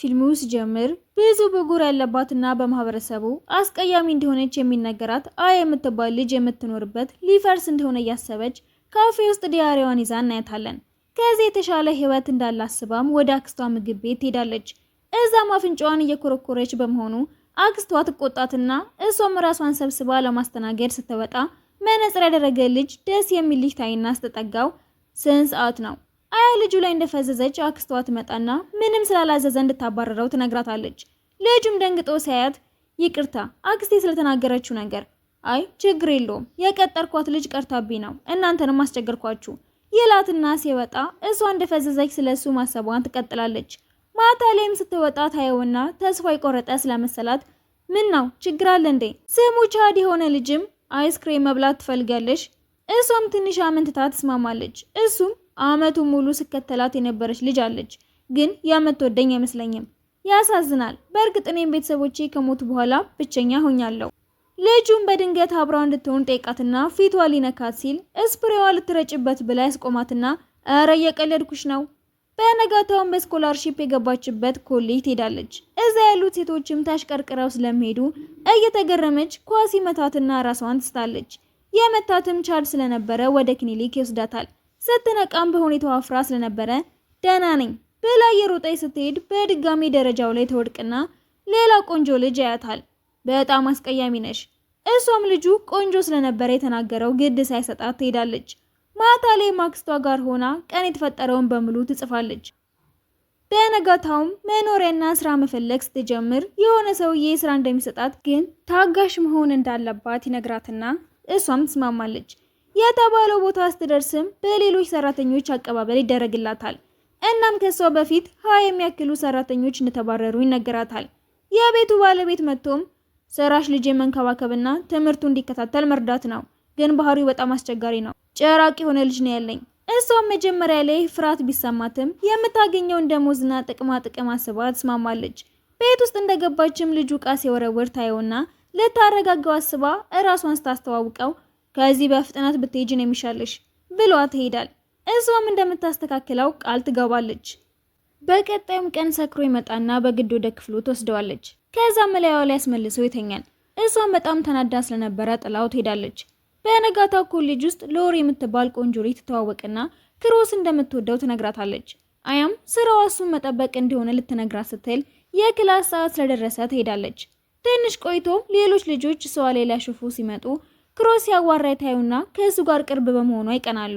ፊልሙ ሲጀምር ብዙ ብጉር ያለባትና በማህበረሰቡ አስቀያሚ እንደሆነች የሚነገራት አ የምትባል ልጅ የምትኖርበት ሊፈርስ እንደሆነ እያሰበች ካፌ ውስጥ ዲያሪዋን ይዛ እናያታለን። ከዚህ የተሻለ ህይወት እንዳላስባም ወደ አክስቷ ምግብ ቤት ትሄዳለች። እዛም አፍንጫዋን እየኮረኮረች በመሆኑ አክስቷ ትቆጣትና እሷም ራሷን ሰብስባ ለማስተናገድ ስትወጣ መነጽር ያደረገ ልጅ ደስ የሚል ልጅ ታይና ስትጠጋው ስንት ሰዓት ነው አያ ልጁ ላይ እንደፈዘዘች አክስቷ ትመጣና ምንም ስላላዘዘ እንድታባረረው ትነግራታለች። ልጁም ደንግጦ ሲያያት ይቅርታ አክስቴ ስለተናገረችው ነገር አይ ችግር የለውም የቀጠርኳት ልጅ ቀርታብኝ ነው እናንተንም አስቸገርኳችሁ ይላትና ሲወጣ እሷ እንደፈዘዘች ስለ እሱ ማሰቧን ትቀጥላለች። ማታ ላይም ስትወጣ ታየውና ተስፋ የቆረጠ ስለመሰላት ምን ነው ችግር አለ እንዴ? ስሙ ቻድ የሆነ ልጅም አይስክሬም መብላት ትፈልጋለች። እሷም ትንሽ አመንትታ ትስማማለች። እሱም አመቱ ሙሉ ስከተላት የነበረች ልጅ አለች። ግን የምትወደኝ አይመስለኝም። ያሳዝናል። በእርግጥ እኔም ቤተሰቦቼ ከሞቱ በኋላ ብቸኛ ሆኛለሁ። ልጁን በድንገት አብራው እንድትሆን ጠይቃትና ፊቷ ሊነካት ሲል እስፕሬዋ ልትረጭበት ብላ ያስቆማትና እረ የቀለድኩሽ ነው። በነጋታውን በስኮላርሺፕ የገባችበት ኮሌጅ ትሄዳለች። እዛ ያሉት ሴቶችም ታሽቀርቅረው ስለሚሄዱ እየተገረመች ኳሲ መታትና ራሷን ትስታለች። የመታትም ቻርድ ስለነበረ ወደ ክሊኒክ ይወስዳታል። ስትነቃም በሁኔታው አፍራ ስለነበረ ደህና ነኝ ብላ የሮጠች ስትሄድ በድጋሚ ደረጃው ላይ ተወድቅና ሌላ ቆንጆ ልጅ ያያታል። በጣም አስቀያሚ ነሽ። እሷም ልጁ ቆንጆ ስለነበረ የተናገረው ግድ ሳይሰጣት ትሄዳለች። ማታ ላይ ማክስቷ ጋር ሆና ቀን የተፈጠረውን በሙሉ ትጽፋለች። በነጋታውም መኖሪያና ስራ መፈለግ ስትጀምር የሆነ ሰውዬ ስራ እንደሚሰጣት ግን ታጋሽ መሆን እንዳለባት ይነግራትና እሷም ትስማማለች። የተባለው ቦታ ስትደርስም በሌሎች ሰራተኞች አቀባበል ይደረግላታል። እናም ከሷ በፊት ሀያ የሚያክሉ ሰራተኞች እንደተባረሩ ይነገራታል። የቤቱ ባለቤት መጥቶም ስራሽ ልጅ መንከባከብና ትምህርቱ እንዲከታተል መርዳት ነው፣ ግን ባህሪው በጣም አስቸጋሪ ነው። ጨራቅ የሆነ ልጅ ነው ያለኝ። እሷም መጀመሪያ ላይ ፍርሃት ቢሰማትም የምታገኘውን ደሞዝና ጥቅማ ጥቅም አስባ ትስማማለች። ቤት ውስጥ እንደገባችም ልጁ ዕቃ ሲወረውር ታየውና ልታረጋገው አስባ እራሷን ስታስተዋውቀው ከዚህ በፍጥነት ብትሄጂ ነው የሚሻልሽ ብሏ ትሄዳል። እሷም እንደምታስተካክለው ቃል ትገባለች። በቀጣዩም ቀን ሰክሮ ይመጣና በግድ ወደ ክፍሉ ትወስደዋለች። ከዛም መለያዋ ላይ አስመልሰው ይተኛል። እሷም በጣም ተናዳ ስለነበረ ጥላው ትሄዳለች። በነጋታው ኮሌጅ ውስጥ ሎሪ የምትባል ቆንጆሪ ትተዋወቅና ክሮስ እንደምትወደው ትነግራታለች። አያም ስራዋ እሱን መጠበቅ እንደሆነ ልትነግራት ስትል የክላስ ሰዓት ስለደረሰ ትሄዳለች። ትንሽ ቆይቶ ሌሎች ልጆች ሰዋ ላይ ሊያሾፉ ሲመጡ ክሮስ ሲያዋራ ይታዩና ከእሱ ጋር ቅርብ በመሆኗ ይቀናሉ።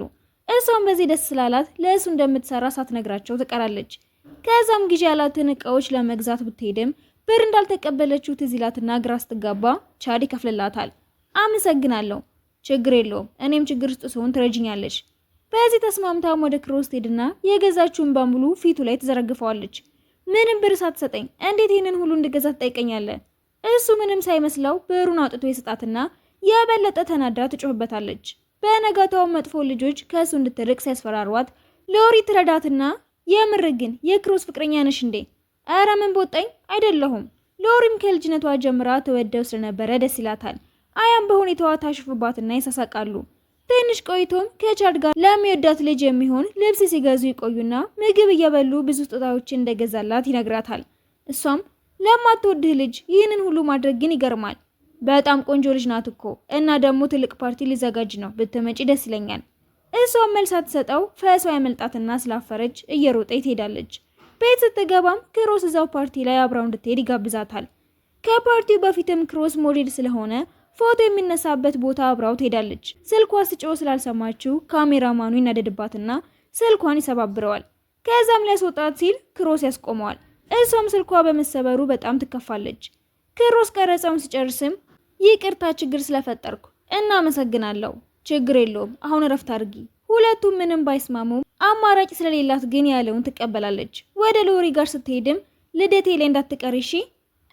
እሷም በዚህ ደስ ስላላት ለእሱ እንደምትሰራ ሳትነግራቸው ትቀራለች። ከዛም ጊዜ ያላትን እቃዎች ለመግዛት ብትሄድም ብር እንዳልተቀበለችው ትዝ ይላትና ግራ ስትጋባ ቻድ ይከፍልላታል። አመሰግናለሁ፣ ችግር የለውም እኔም ችግር ውስጥ ስሆን ትረጅኛለች። በዚህ ተስማምታም ወደ ክሮስ ስትሄድና የገዛችውን በሙሉ ፊቱ ላይ ትዘረግፈዋለች። ምንም ብር ሳትሰጠኝ እንዴት ይህንን ሁሉ እንድገዛ ትጠይቀኛለህ? እሱ ምንም ሳይመስለው ብሩን አውጥቶ የሰጣትና የበለጠ ተናዳ ትጮህበታለች። በነጋታው መጥፎ ልጆች ከእሱ እንድትርቅ ሲያስፈራሯት ሎሪ ትረዳትና የምር ግን የክሮስ ፍቅረኛ ነሽ እንዴ? ኧረ ምን ቦጠኝ አይደለሁም። ሎሪም ከልጅነቷ ጀምራ ተወደው ስለነበረ ደስ ይላታል። አያም በሁኔታዋ ታሽፉባትና ይሳሳቃሉ። ትንሽ ቆይቶም ከቻድ ጋር ለሚወዳት ልጅ የሚሆን ልብስ ሲገዙ ይቆዩና ምግብ እየበሉ ብዙ ስጦታዎችን እንደገዛላት ይነግራታል። እሷም ለማትወድህ ልጅ ይህንን ሁሉ ማድረግ ግን ይገርማል በጣም ቆንጆ ልጅ ናት እኮ እና ደግሞ ትልቅ ፓርቲ ሊዘጋጅ ነው ብትመጪ ደስ ይለኛል። እሷ መልስ አትሰጠው ፈሷ የመልጣትና ስላፈረች እየሮጠች ትሄዳለች። ቤት ስትገባም ክሮስ እዛው ፓርቲ ላይ አብራው እንድትሄድ ይጋብዛታል። ከፓርቲው በፊትም ክሮስ ሞዴል ስለሆነ ፎቶ የሚነሳበት ቦታ አብራው ትሄዳለች። ስልኳ ስጮ ስላልሰማችው ካሜራማኑ ይናደድባትና ስልኳን ይሰባብረዋል። ከዛም ሊያስወጣት ሲል ክሮስ ያስቆመዋል። እሷም ስልኳ በመሰበሩ በጣም ትከፋለች። ክሮስ ቀረጸውን ሲጨርስም ይቅርታ ችግር ስለፈጠርኩ እናመሰግናለሁ። ችግር የለውም አሁን እረፍት አድርጊ። ሁለቱም ምንም ባይስማሙም አማራጭ ስለሌላት ግን ያለውን ትቀበላለች። ወደ ሎሪ ጋር ስትሄድም ልደቴ ላይ እንዳትቀር እሺ።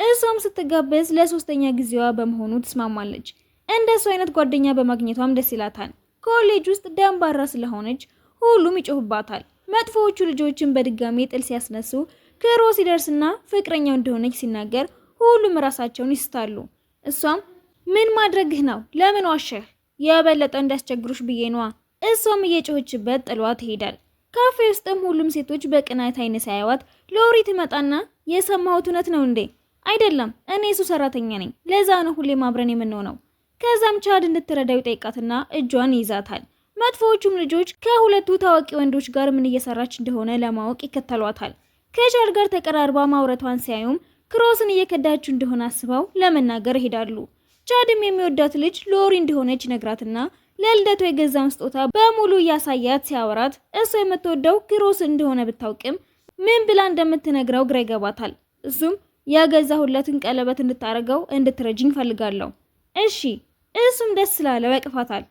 እሷም ስትጋበዝ ለሶስተኛ ጊዜዋ በመሆኑ ትስማማለች። እንደሱ አይነት ጓደኛ በማግኘቷም ደስ ይላታል። ኮሌጅ ውስጥ ደንባራ ስለሆነች ሁሉም ይጮሁባታል። መጥፎዎቹ ልጆችን በድጋሚ ጥል ሲያስነሱ ክሮ ሲደርስና ፍቅረኛው እንደሆነች ሲናገር ሁሉም ራሳቸውን ይስታሉ። እሷም ምን ማድረግህ ነው? ለምን ዋሸህ? የበለጠ እንዳስቸግሩሽ ብዬ ነዋ። እሷም እየጮኸችበት ጥሏ ትሄዳል። ካፌ ውስጥም ሁሉም ሴቶች በቅናት አይነ ሳያዋት ሎሪ ትመጣና የሰማሁት እውነት ነው እንዴ? አይደለም፣ እኔ እሱ ሰራተኛ ነኝ። ለዛ ነው ሁሌም አብረን የምንሆነው። ከዛም ቻድ እንድትረዳው ይጠይቃትና እጇን ይይዛታል። መጥፎዎቹም ልጆች ከሁለቱ ታዋቂ ወንዶች ጋር ምን እየሰራች እንደሆነ ለማወቅ ይከተሏታል። ከቻድ ጋር ተቀራርባ ማውረቷን ሲያዩም ክሮስን እየከዳችው እንደሆነ አስበው ለመናገር ይሄዳሉ። ቻድም የሚወዳት ልጅ ሎሪ እንደሆነች ነግራትና ለልደቷ የገዛውን ስጦታ በሙሉ እያሳያት ሲያወራት እሷ የምትወደው ግሮስ እንደሆነ ብታውቅም ምን ብላ እንደምትነግረው ግራ ይገባታል። እሱም ያገዛሁለትን ቀለበት እንድታረገው እንድትረጅኝ ፈልጋለሁ። እሺ እሱም ደስ ስላለው ያቅፋታል።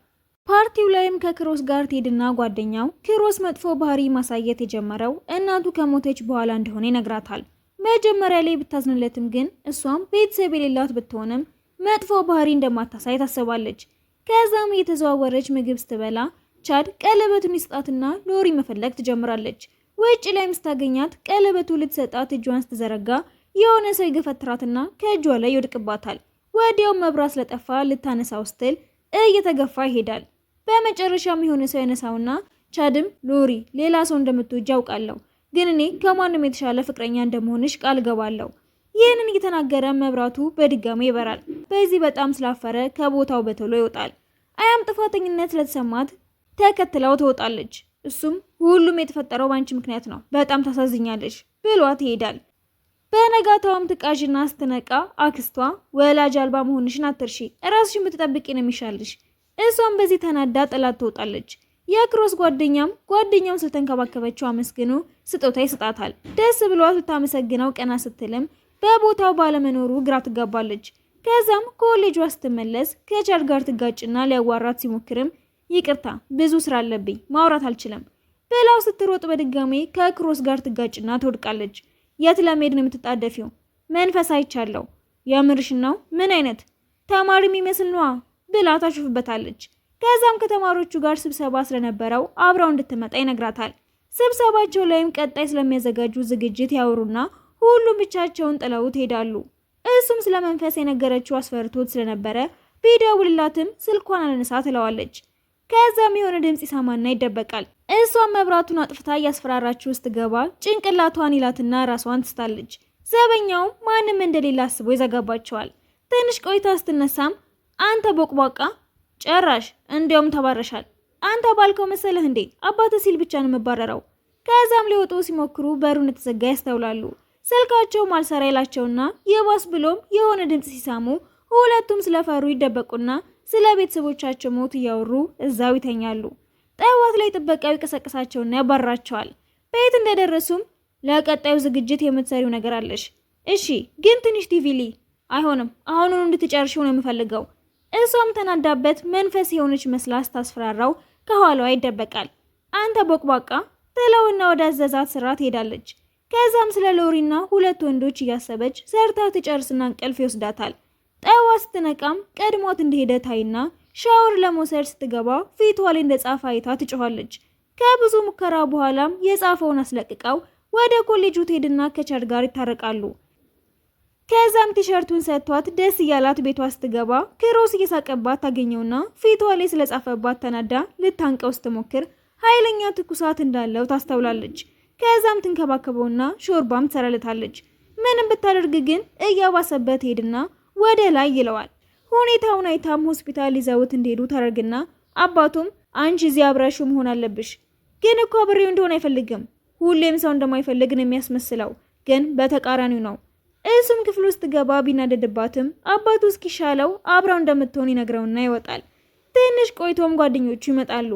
ፓርቲው ላይም ከክሮስ ጋር ትሄድና ጓደኛው ክሮስ መጥፎ ባህሪ ማሳየት የጀመረው እናቱ ከሞተች በኋላ እንደሆነ ይነግራታል። መጀመሪያ ላይ ብታዝንለትም ግን እሷም ቤተሰብ የሌላት ብትሆንም መጥፎ ባህሪ እንደማታሳይ ታስባለች። ከዛም የተዘዋወረች ምግብ ስትበላ ቻድ ቀለበቱን ይስጣትና ሎሪ መፈለግ ትጀምራለች። ውጭ ላይም ስታገኛት ቀለበቱ ልትሰጣት እጇን ስትዘረጋ የሆነ ሰው ይገፈትራትና ከእጇ ላይ ይወድቅባታል። ወዲያውም መብራት ስለጠፋ ልታነሳው ስትል እየተገፋ ይሄዳል። በመጨረሻም የሆነ ሰው ያነሳውና ቻድም ሎሪ ሌላ ሰው እንደምትወጅ ያውቃለሁ፣ ግን እኔ ከማንም የተሻለ ፍቅረኛ እንደመሆንሽ ቃል ገባለሁ። ይህንን እየተናገረ መብራቱ በድጋሚ ይበራል። በዚህ በጣም ስላፈረ ከቦታው በቶሎ ይወጣል። አያም ጥፋተኝነት ስለተሰማት ተከትለው ትወጣለች። እሱም ሁሉም የተፈጠረው በአንቺ ምክንያት ነው፣ በጣም ታሳዝኛለች ብሏት ይሄዳል። በነጋታውም ትቃዥና ስትነቃ አክስቷ ወላጅ አልባ መሆንሽን አትርሺ፣ ራስሽን ብትጠብቂ ነው የሚሻልሽ። እሷም በዚህ ተናዳ ጥላት ትወጣለች። የክሮስ ጓደኛም ጓደኛውን ስለተንከባከበችው አመስግኖ ስጦታ ይሰጣታል። ደስ ብሏት ብታመሰግነው ቀና ስትልም በቦታው ባለመኖሩ ግራ ትጋባለች። ከዛም ከወሌጇ ስትመለስ ከቻድ ጋር ትጋጭና ሊያዋራት ሲሞክርም ይቅርታ ብዙ ስራ አለብኝ ማውራት አልችልም ብላው ስትሮጥ በድጋሜ ከክሮስ ጋር ትጋጭና ትወድቃለች። የት ለመሄድ ነው የምትጣደፊው? መንፈስ አይቻለሁ። የምርሽን ነው? ምን አይነት ተማሪ የሚመስል ነዋ ብላ ታሾፍበታለች። ከዛም ከተማሪዎቹ ጋር ስብሰባ ስለነበረው አብረው እንድትመጣ ይነግራታል። ስብሰባቸው ላይም ቀጣይ ስለሚያዘጋጁ ዝግጅት ያወሩና ሁሉም ብቻቸውን ጥለው ይሄዳሉ። እሱም ስለ መንፈስ የነገረችው አስፈርቶት ስለነበረ ቢደውልላትም ስልኳን አለነሳ ትለዋለች። ከዛም የሆነ ድምፅ ይሰማና ይደበቃል። እሷም መብራቱን አጥፍታ እያስፈራራችው ውስጥ ገባ ጭንቅላቷን ይላትና ራሷን ትስታለች። ዘበኛውም ማንም እንደሌለ አስቦ ይዘጋባቸዋል። ትንሽ ቆይታ ስትነሳም አንተ ቦቅቧቃ ጨራሽ እንዲያውም ተባረሻል። አንተ ባልከው መሰለህ እንዴ አባተ ሲል ብቻ ነው የምባረረው። ከዛም ሊወጡ ሲሞክሩ በሩን እንደተዘጋ ያስተውላሉ። ስልካቸው ማልሰራ ይላቸውና የባስ ብሎም የሆነ ድምፅ ሲሰሙ ሁለቱም ስለፈሩ ይደበቁና ስለ ቤተሰቦቻቸው ሞት እያወሩ እዛው ይተኛሉ። ጠዋት ላይ ጥበቃው ይቀሰቅሳቸውና ያባራቸዋል። በየት እንደደረሱም ለቀጣዩ ዝግጅት የምትሰሪው ነገር አለሽ። እሺ ግን ትንሽ ቲቪ ሊ አይሆንም፣ አሁኑን እንድትጨርሽው ነው የምፈልገው። እሷም ተናዳበት መንፈስ የሆነች መስላ ስታስፈራራው ከኋላዋ ይደበቃል። አንተ ቦቅቧቃ ትለውና ወደ አዘዛት ስራ ትሄዳለች። ከዛም ስለ ሎሪና ሁለት ወንዶች እያሰበች ሰርታ ትጨርስና እንቅልፍ ይወስዳታል። ጠዋ ስትነቃም ቀድሟት እንደሄደ ታይና ሻወር ለመውሰድ ስትገባ ፊቷ ላይ እንደ ጻፈ አይታ ትጮኋለች። ከብዙ ሙከራ በኋላም የጻፈውን አስለቅቀው ወደ ኮሌጁ ትሄድና ከቻድ ጋር ይታረቃሉ። ከዛም ቲሸርቱን ሰጥቷት ደስ እያላት ቤቷ ስትገባ ክሮስ እየሳቀባት ታገኘውና ፊቷ ላይ ስለጻፈባት ተናዳ ልታንቀው ስትሞክር ኃይለኛ ትኩሳት እንዳለው ታስተውላለች። ከዛም ትንከባከበውና ሾርባም ትሰራለታለች። ምንም ብታደርግ ግን እያባሰበት ሄድና ወደ ላይ ይለዋል። ሁኔታውን አይታም ሆስፒታል ይዘውት እንዲሄዱ ታደርግና አባቱም አንቺ እዚህ አብረሽው መሆን አለብሽ፣ ግን እኮ አብሬው እንደሆነ አይፈልግም። ሁሌም ሰው እንደማይፈልግ ነው የሚያስመስለው፣ ግን በተቃራኒው ነው። እሱም ክፍል ውስጥ ገባ ቢናደድባትም አባቱ እስኪሻለው አብረው እንደምትሆን ይነግረውና ይወጣል። ትንሽ ቆይቶም ጓደኞቹ ይመጣሉ።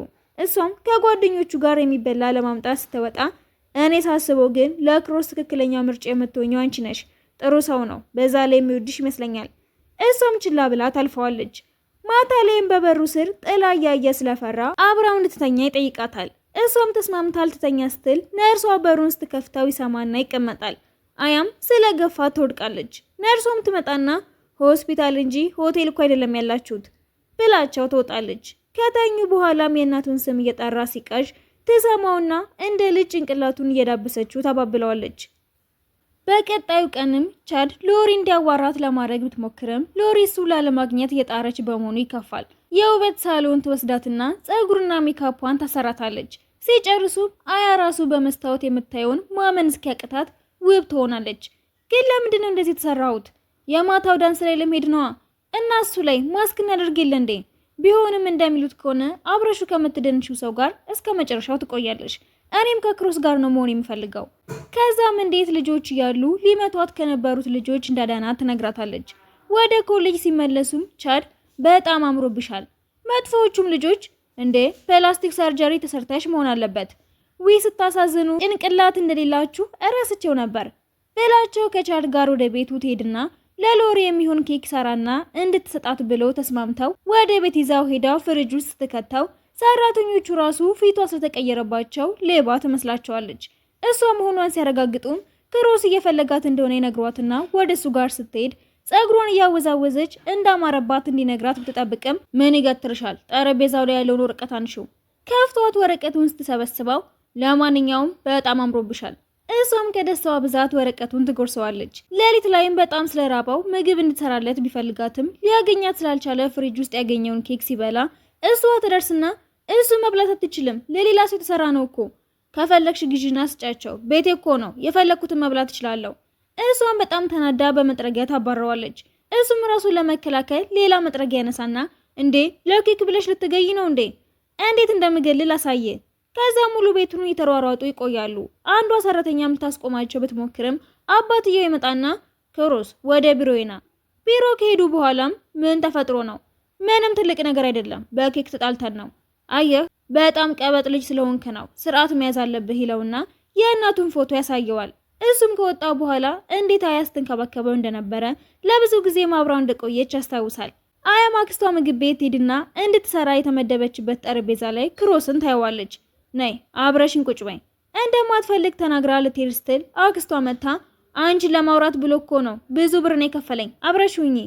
እሷም ከጓደኞቹ ጋር የሚበላ ለማምጣት ስትወጣ እኔ ሳስበው ግን ለክሮስ ትክክለኛ ምርጫ የምትሆኘው አንቺ ነሽ። ጥሩ ሰው ነው፣ በዛ ላይ የሚወድሽ ይመስለኛል። እሷም ችላ ብላ ታልፈዋለች። ማታ ላይም በበሩ ስር ጥላ እያየ ስለፈራ አብራው እንድትተኛ ይጠይቃታል። እሷም ተስማምታ ልትተኛ ስትል ነርሷ በሩን ስትከፍተው ይሰማና ይቀመጣል። አያም ስለ ገፋ ትወድቃለች። ነርሷም ትመጣና ሆስፒታል እንጂ ሆቴል እኮ አይደለም ያላችሁት ብላቸው ትወጣለች። ከተኙ በኋላም የእናቱን ስም እየጠራ ሲቃዥ ትሰማውና እንደ ልጅ ጭንቅላቱን እየዳበሰችው ተባብለዋለች። በቀጣዩ ቀንም ቻድ ሎሪ እንዲያዋራት ለማድረግ ብትሞክርም ሎሪ እሱ ላለማግኘት የጣረች በመሆኑ ይከፋል። የውበት ሳሎን ትወስዳትና ጸጉርና ሜካፑን ታሰራታለች። ሲጨርሱ አያ ራሱ በመስታወት የምታየውን ማመን እስኪያቅታት ውብ ትሆናለች። ግን ለምንድነው እንደዚህ የተሰራሁት? የማታው ዳንስ ላይ ለመሄድ ነዋ። እና እሱ ላይ ማስክ እናደርግ የለ እንዴ? ቢሆንም እንደሚሉት ከሆነ አብረሹ ከምትደንሽው ሰው ጋር እስከ መጨረሻው ትቆያለሽ። እኔም ከክሮስ ጋር ነው መሆን የምፈልገው። ከዛም እንዴት ልጆች እያሉ ሊመቷት ከነበሩት ልጆች እንዳዳናት ትነግራታለች። ወደ ኮሌጅ ሲመለሱም ቻድ በጣም አምሮብሻል፣ መጥፎዎቹም ልጆች እንዴ ፕላስቲክ ሰርጀሪ ተሰርተሽ መሆን አለበት ዊ ስታሳዝኑ፣ ጭንቅላት እንደሌላችሁ እረስቸው ነበር ብላቸው ከቻድ ጋር ወደ ቤቱ ትሄድና ለሎሪ የሚሆን ኬክ ሰራና እንድትሰጣት ብለው ተስማምተው ወደ ቤት ይዛው ሄዳው ፍሪጅ ውስጥ ስትከተው ሰራተኞቹ ራሱ ፊቷ ስለተቀየረባቸው ሌባ ትመስላቸዋለች። እሷ መሆኗን ሲያረጋግጡም ክሮስ እየፈለጋት እንደሆነ ይነግሯትና ወደ እሱ ጋር ስትሄድ ጸጉሯን እያወዛወዘች እንዳማረባት እንዲነግራት ብትጠብቅም ምን ይገትርሻል? ጠረጴዛው ላይ ያለውን ወረቀት አንሺው። ከፍቷት ወረቀቱን ስትሰበስበው ለማንኛውም በጣም አምሮብሻል እሷም ከደስታዋ ብዛት ወረቀቱን ትጎርሰዋለች። ሌሊት ላይም በጣም ስለራባው ምግብ እንድትሰራለት ቢፈልጋትም ሊያገኛት ስላልቻለ ፍሪጅ ውስጥ ያገኘውን ኬክ ሲበላ እሷ ትደርስና እሱ መብላት አትችልም፣ ለሌላ ሰው የተሰራ ነው እኮ ከፈለግሽ ግዢና ስጫቸው፣ ቤቴ እኮ ነው፣ የፈለግኩትን መብላት እችላለሁ። እሷም በጣም ተናዳ በመጥረጊያ ታባረዋለች። እሱም ራሱን ለመከላከል ሌላ መጥረጊያ ያነሳና እንዴ ለኬክ ብለሽ ልትገይ ነው እንዴ? እንዴት እንደምገልል አሳየ። ከዛ ሙሉ ቤቱን እየተሯሯጡ ይቆያሉ። አንዷ ሰራተኛ የምታስቆማቸው ብትሞክርም አባትየው ይመጣና ክሮስ ወደ ቢሮ ይና። ቢሮ ከሄዱ በኋላም ምን ተፈጥሮ ነው? ምንም ትልቅ ነገር አይደለም። በኬክ ተጣልተን ነው። አየህ፣ በጣም ቀበጥ ልጅ ስለሆንክ ነው ስርዓት መያዝ አለብህ ይለውና የእናቱን ፎቶ ያሳየዋል። እሱም ከወጣ በኋላ እንዴት አያ ስትንከባከበው እንደነበረ ለብዙ ጊዜ ማብራው እንደቆየች ያስታውሳል። አያ ማክስቷ ምግብ ቤት ሄድና እንድትሰራ የተመደበችበት ጠረጴዛ ላይ ክሮስን ታየዋለች። ነይ አብረሽን ቁጭ በይ እንደማትፈልግ ተናግራ ልትሄድ ስትል አክስቷ መታ አንቺን ለማውራት ብሎ እኮ ነው ብዙ ብር ነው የከፈለኝ አብረሽ ሁኚ።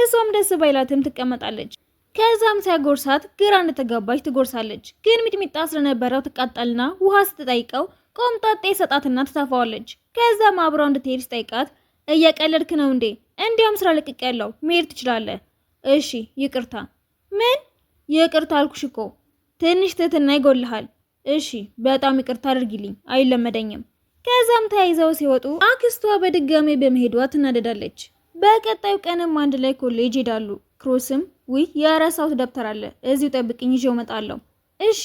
እሷም ደስ ባይላትም ትቀመጣለች። ከዛም ሲያጎርሳት ግራ እንደተገባች ትጎርሳለች። ግን ሚጥሚጣ ስለነበረው ትቃጠልና ውሃ ስትጠይቀው ቆምጣጤ ሰጣትና ትታፋዋለች። ከዛም አብራው እንድትሄድ ስጠይቃት እየቀለድክ ነው እንዴ? እንዲያውም ስራ ልቅቅ ያለው መሄድ ትችላለህ። እሺ ይቅርታ። ምን ይቅርታ አልኩሽ እኮ ትንሽ ትህትና ይጎልሃል። እሺ በጣም ይቅርታ አድርጊልኝ፣ አይለመደኝም። ከዛም ተያይዘው ሲወጡ አክስቷ በድጋሜ በመሄዷ ትናደዳለች። በቀጣዩ ቀንም አንድ ላይ ኮሌጅ ይሄዳሉ። ክሮስም ውይ የረሳሁት ደብተር አለ እዚሁ ጠብቅኝ ይዤው እመጣለሁ። እሺ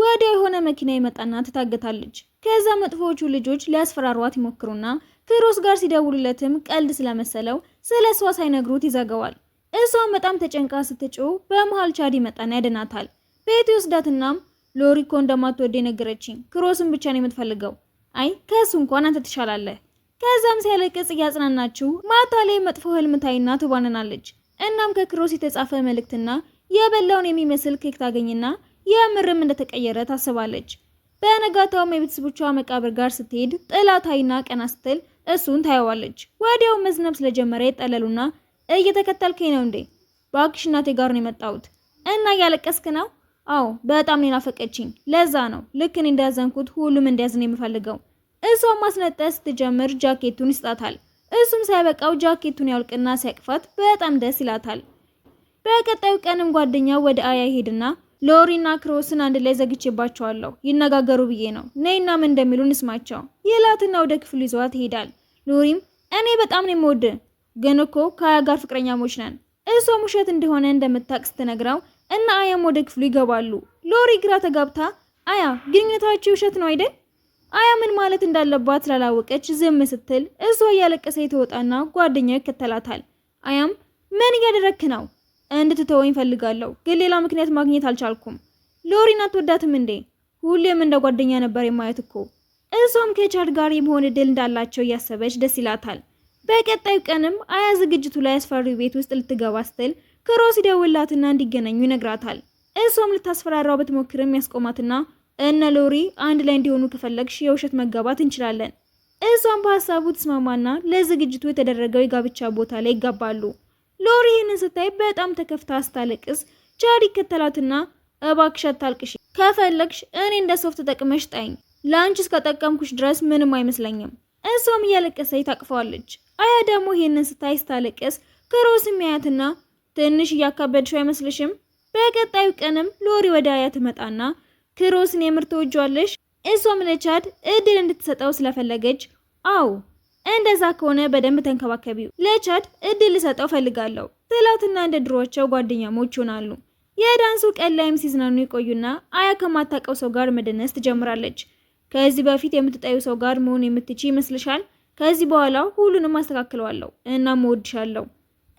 ወዲያ የሆነ መኪና ይመጣና ትታገታለች። ከዛ መጥፎዎቹ ልጆች ሊያስፈራሯት ይሞክሩና ክሮስ ጋር ሲደውሉለትም ቀልድ ስለመሰለው ስለ እሷ ሳይነግሩት ይዘገዋል። እሷም በጣም ተጨንቃ ስትጮ በመሃል ቻድ ይመጣና ያደናታል። ቤት ይወስዳትናም ሎሪ እኮ እንደማትወደ የነገረችኝ። ክሮስን ብቻ ነው የምትፈልገው። አይ ከሱ እንኳን አንተ ትሻላለህ። ከዛም ሲያለቅስ እያጽናናችው ማታ ላይ መጥፎ ህልም ታይና ትባንናለች። እናም ከክሮስ የተጻፈ መልእክትና የበላውን የሚመስል ኬክ ታገኝና የምርም እንደተቀየረ ታስባለች። በነጋታውም የቤተሰቦቿ መቃብር ጋር ስትሄድ ጥላታይና ቀና ስትል እሱን ታየዋለች። ወዲያው መዝነብ ስለጀመረ ይጠለሉና እየተከተልከኝ ነው እንዴ? በአክሽናቴ ጋር ነው የመጣሁት እና እያለቀስክ ነው አዎ በጣም ነው ናፈቀችኝ። ለዛ ነው ልክ እኔ እንዳዘንኩት ሁሉም እንዲያዝን የምፈልገው። እሷም ማስነጠስ ስትጀምር ጃኬቱን ይስጣታል። እሱም ሳይበቃው ጃኬቱን ያውልቅና ሲያቅፋት በጣም ደስ ይላታል። በቀጣዩ ቀንም ጓደኛው ወደ አያ ይሄድና ሎሪና ክሮስን አንድ ላይ ዘግቼባቸዋለሁ ይነጋገሩ ብዬ ነው ነይና ምን እንደሚሉ እንስማቸው ይላትና ወደ ክፍሉ ይዘዋት ይሄዳል። ሎሪም እኔ በጣም ነው የምወድ፣ ግን እኮ ከአያ ጋር ፍቅረኛሞች ነን። እሷ ውሸት እንደሆነ እንደምታቅ ስትነግረው እና አያም ወደ ክፍሉ ይገባሉ። ሎሪ ግራ ተጋብታ አያ ግንኙነታችሁ ውሸት ነው አይደል? አያ ምን ማለት እንዳለባት ስላላወቀች ዝም ስትል እሷ እያለቀሰ የተወጣና ጓደኛው ይከተላታል። አያም ምን እያደረክ ነው? እንድትተወኝ ፈልጋለሁ፣ ግን ሌላ ምክንያት ማግኘት አልቻልኩም። ሎሪን አትወዳትም እንዴ? ሁሌም እንደ ጓደኛ ነበር የማየት እኮ። እሷም ከቻድ ጋር የመሆን እድል እንዳላቸው እያሰበች ደስ ይላታል። በቀጣዩ ቀንም አያ ዝግጅቱ ላይ አስፈሪው ቤት ውስጥ ልትገባ ስትል ክሮስ ይደውላትና እንዲገናኙ ይነግራታል። እሷም ልታስፈራራው ብትሞክርም ያስቆማትና እነ ሎሪ አንድ ላይ እንዲሆኑ ከፈለግሽ የውሸት መጋባት እንችላለን። እሷም በሀሳቡ ትስማማና ለዝግጅቱ የተደረገው የጋብቻ ቦታ ላይ ይጋባሉ። ሎሪ ይህንን ስታይ በጣም ተከፍታ አስታለቅስ ቻድ ይከተላትና እባክሽ አታልቅሽ፣ ከፈለግሽ እኔ እንደ ሶፍት ተጠቅመሽ ጣይኝ፣ ለአንቺ እስከጠቀምኩሽ ድረስ ምንም አይመስለኝም። እሷም እያለቀሰ ታቅፈዋለች። አያ ደግሞ ይህንን ስታይ ስታለቅስ ክሮስ የሚያያትና ትንሽ እያካበድሽ አይመስልሽም? በቀጣዩ ቀንም ሎሪ ወደ አያ ትመጣና ክሮስን የምር ትወጇለሽ? እሷም ለቻድ እድል እንድትሰጠው ስለፈለገች አዎ እንደዛ ከሆነ በደንብ ተንከባከቢው፣ ለቻድ እድል ልሰጠው ፈልጋለሁ ትላትና እንደ ድሮቸው ጓደኛሞች ይሆናሉ። የዳንሱ ቀን ላይም ሲዝናኑ ይቆዩና አያ ከማታውቀው ሰው ጋር መደነስ ትጀምራለች። ከዚህ በፊት የምትጠዩ ሰው ጋር መሆን የምትችይ ይመስልሻል? ከዚህ በኋላ ሁሉንም አስተካክለዋለሁ እና እወድሻለሁ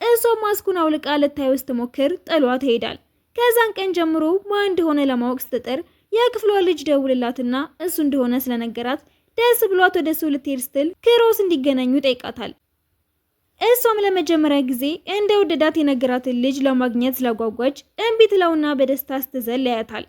እሷም ማስኩን አውልቃ ልታይ ውስጥ ሞክር ጥሏት ይሄዳል። ከዛን ቀን ጀምሮ ማን እንደሆነ ለማወቅ ስትጥር የክፍሏ ልጅ ደውልላትና እሱ እንደሆነ ስለነገራት ደስ ብሏት ወደ እሱ ልትሄድ ስትል ክሮስ እንዲገናኙ ጠይቃታል። እሷም ለመጀመሪያ ጊዜ እንደ ወደዳት የነገራትን ልጅ ለማግኘት ስላጓጓች እምቢ ትለውና በደስታ ስትዘል ያያታል።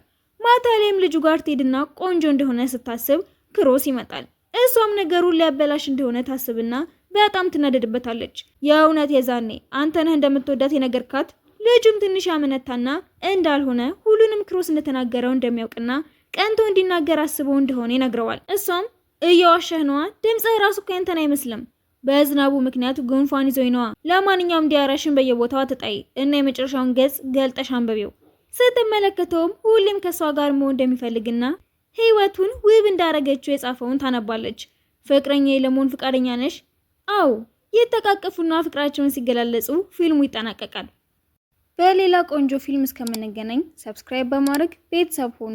ማታ ላይም ልጁ ጋር ትሄድና ቆንጆ እንደሆነ ስታስብ ክሮስ ይመጣል። እሷም ነገሩን ሊያበላሽ እንደሆነ ታስብና በጣም ትናደድበታለች። የእውነት የዛኔ አንተ ነህ እንደምትወዳት የነገርካት። ልጁም ትንሽ ያመነታና እንዳልሆነ ሁሉንም ክሮስ እንደተናገረው እንደሚያውቅና ቀንቶ እንዲናገር አስቦ እንደሆነ ይነግረዋል። እሷም እየዋሸህ ነዋ፣ ድምፅህ ራሱ እኮ ያንተን አይመስልም። በዝናቡ ምክንያት ጉንፋን ይዞኝ ነዋ። ለማንኛውም ዲያራሽን በየቦታው አትጣይ እና የመጨረሻውን ገጽ ገልጠሽ አንበቤው ስትመለከተውም ሁሌም ከእሷ ጋር መሆን እንደሚፈልግና ህይወቱን ውብ እንዳረገችው የጻፈውን ታነባለች። ፍቅረኛ ለመሆን ፈቃደኛ ነሽ? አዎ የተቃቀፉና ፍቅራቸውን ሲገላለጹ ፊልሙ ይጠናቀቃል። በሌላ ቆንጆ ፊልም እስከምንገናኝ ሰብስክራይብ በማድረግ ቤተሰብ ሆኑ።